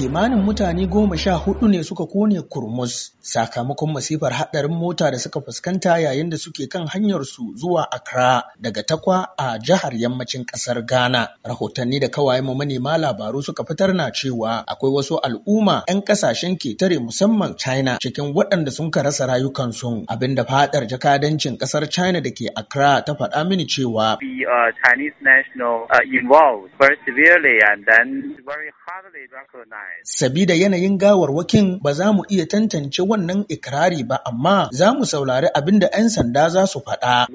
kimanin mutane goma sha hudu ne suka kone kurmus sakamakon masifar hadarin mota da suka fuskanta yayin da suke kan hanyarsu zuwa Accra daga Takwa a jihar yammacin ƙasar Ghana. Rahotanni da kawaye mu manema labaru suka fitar na cewa akwai wasu al'umma 'yan ƙasashen tare musamman China cikin waɗanda sun ka rasa rayukansu abinda fadar jakadancin ƙasar China da ke Accra ta faɗa mini cewa. Chinese national uh, involved very severely and then very hardly recognized. Sabida yanayin gawarwakin ba za mu iya tantance wannan ikirari ba amma za mu saurari abin da 'yan sanda za su faɗa.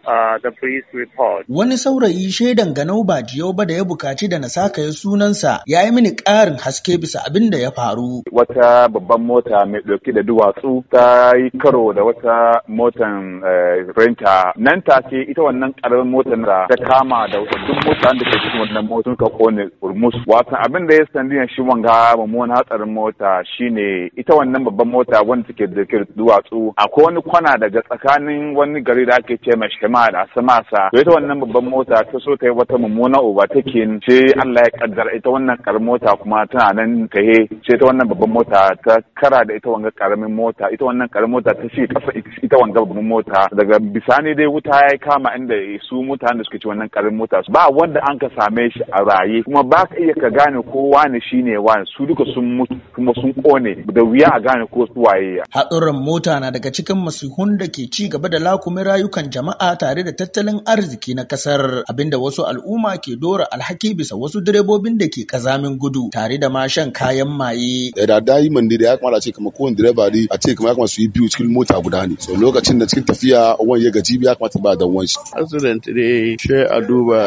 Uh, Wani saurayi shaidan ganau ba jiyau ba da ya bukaci da na saka ya sunansa ya yi mini ƙarin haske bisa abin da ya faru. Wata babban mota mai ɗauki da duwatsu ta yi karo da wata motan eh, renta nan take ita wannan ƙaramin motan da ta kama da duk mutane da ke cikin wannan motan ka kone urmus. Watan abin da ya sandiyan shi shi wanga mummunan hatsarin mota shine ita wannan babban mota wanda take da duwatsu akwai wani kwana daga tsakanin wani gari da ake ce mai shema da samasa to ita wannan babban mota ta so ta yi wata mummunan overtaking ce Allah ya kaddar ita wannan karamin mota kuma tana nan tahe ce ita wannan babban mota ta kara da ita wanga karamin mota ita wannan karamin mota ta shi kasa ita wanga babban mota daga bisani dai wuta ya kama inda su mutanen da suke ci wannan karamin mota ba wanda an ka same shi a raye kuma ba ka iya ka gane kowa ne shine ne wani su duka sun mutu kuma sun kone da wuya a gane ko su waye hatsuran mota na daga cikin masihun da ke ci gaba da lakumin rayukan jama'a tare da tattalin arziki na kasar abinda wasu al'umma ke dora alhaki bisa wasu direbobin da ke kazamin gudu tare da ma shan kayan maye eh, da yi man da ya kamata ce kamar kowane direba ne a ce kamar ya kamata su yi biyu cikin mota guda ne so lokacin da cikin tafiya wani ya gaji ya kamata ba dan wanshi accident ne sai a duba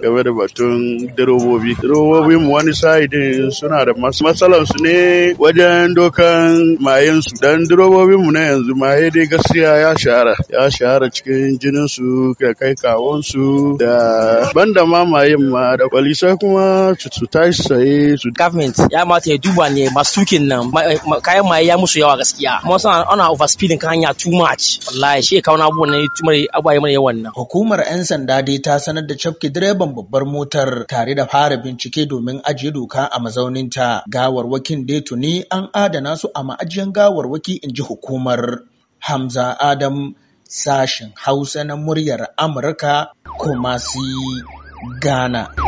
game da batun direbobi direbobin wani sa'idin suna da matsalar su ne wajen dokan mayen su dan durobobin mu na yanzu maye dai gaskiya ya shahara ya shahara cikin jinin su da kai kawon su da banda ma mayen ma da kwalisa kuma su tashi saye su government ya mata ya duba ne masu tukin nan eh, kayan maye ya musu yawa gaskiya kuma suna ana overspeeding kan hanya too much wallahi shi kawo abubuwan ne tumare abaye mai yawan nan hukumar yan sanda dai ta sanar da cafke direban babbar motar tare da fara bincike domin ajiye doka a mazaunin mazauninta gawarwakin dai tuni an adana su a ma'ajiyar gawarwaki in ji hukumar hamza adam sashen hausa na muryar amurka kuma si ghana